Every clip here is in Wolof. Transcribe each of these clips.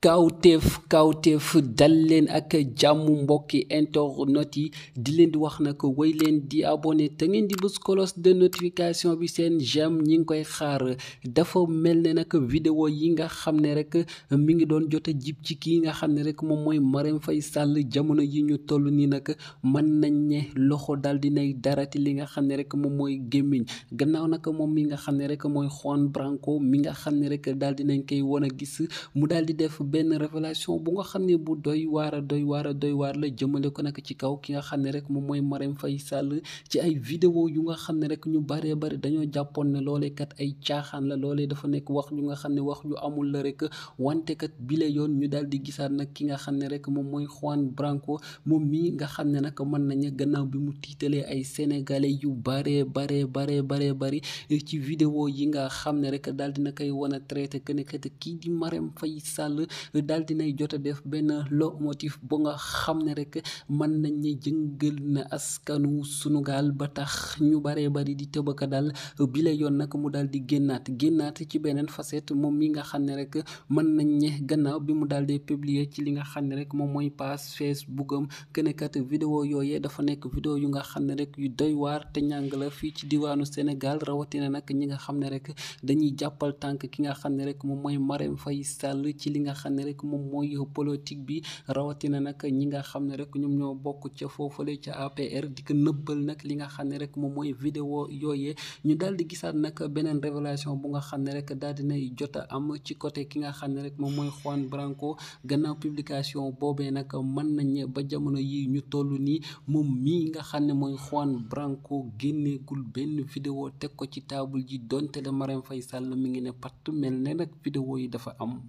kawteef kawteef dal leen ak jàmm mbokki internet yi di leen di wax na ko woy leen di abonné te ngeen di bës cloche de notification bi seen j'aime ñi ngi koy xaar dafa mel ne nag vidéo yi nga xam ne rek mi ngi doon jot a ci kii nga xam ne rek moom mooy Marème fay sàll jamono yi ñu toll nii nag mën nañ ne loxo dal di nay darati li nga xam ne rek moom mooy gémmiñ gannaaw nag moom mi nga xam ne rek mooy Juan Branco mi nga xam ne rek daal di nañ koy wan a gis mu daal di def benn révélation bu nga xam ne bu doy waar a doy waar a doy waar la jëmale ko nag ci kaw ki nga xam ne rek moom mooy Marème Faye Sall ci ay vidéo yu nga xam ne rek ñu bëree bëri dañoo jàppoon ne loolee ay caaxaan la loolee dafa nekk wax yu nga xam ne wax yu amul la rek wante kat bile yoon ñu daal di gisaat nag ki nga xam ne rek moom mooy Juan Branco moom mii nga xam ne nag mën nañu gannaaw bi mu tiitalee ay sénégalais yu baree baree baree baree bëri ci vidéo yi nga xam ne rek daal dina koy wan a traité que ne kii di Marème fay sàll daal dinay jot a def benn locomotive bu nga xam ne rek mën nañ ne jëngal na askanu Sunugaal ba tax ñu baree bari di tëbaka dal bi la yoon nag mu daal di génnaat génnaat ci beneen facette moom mi nga xam ne rek mën nañ ne gannaaw bi mu daal di publier ci li nga xam ne rek moom mooy page Facebook am kenekat vidéo yooyee dafa nekk vidéo yu nga xam ne rek yu doy waar te ñàng la fii ci diwaanu Sénégal rawatina nag ñi nga xam ne rek dañuy jàppal tànk ki nga xam ne rek moom mooy Marème Faye Sall ci li nga xam xam ne rek moom mooy politique bi rawatina nag ñi nga xam ne rek ñoom ñoo bokk ca foofale ca APR di ko nëbbal nag li nga xam ne rek moom mooy vidéo yooye ñu daal di gisaat nag beneen révélation bu nga xam ne rek daal nay jot a am ci côté ki nga xam ne rek moom mooy Juan Branco gannaaw publication boobee nag mën nañ ba jamono yi ñu toll nii moom mii nga xam ne mooy Juan Branco génneegul benn vidéo teg ko ci taabul ji donte la Marème fay Sall mi ngi ne patt mel ne nag vidéo yi dafa am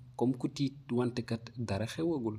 wante kat dara xewagul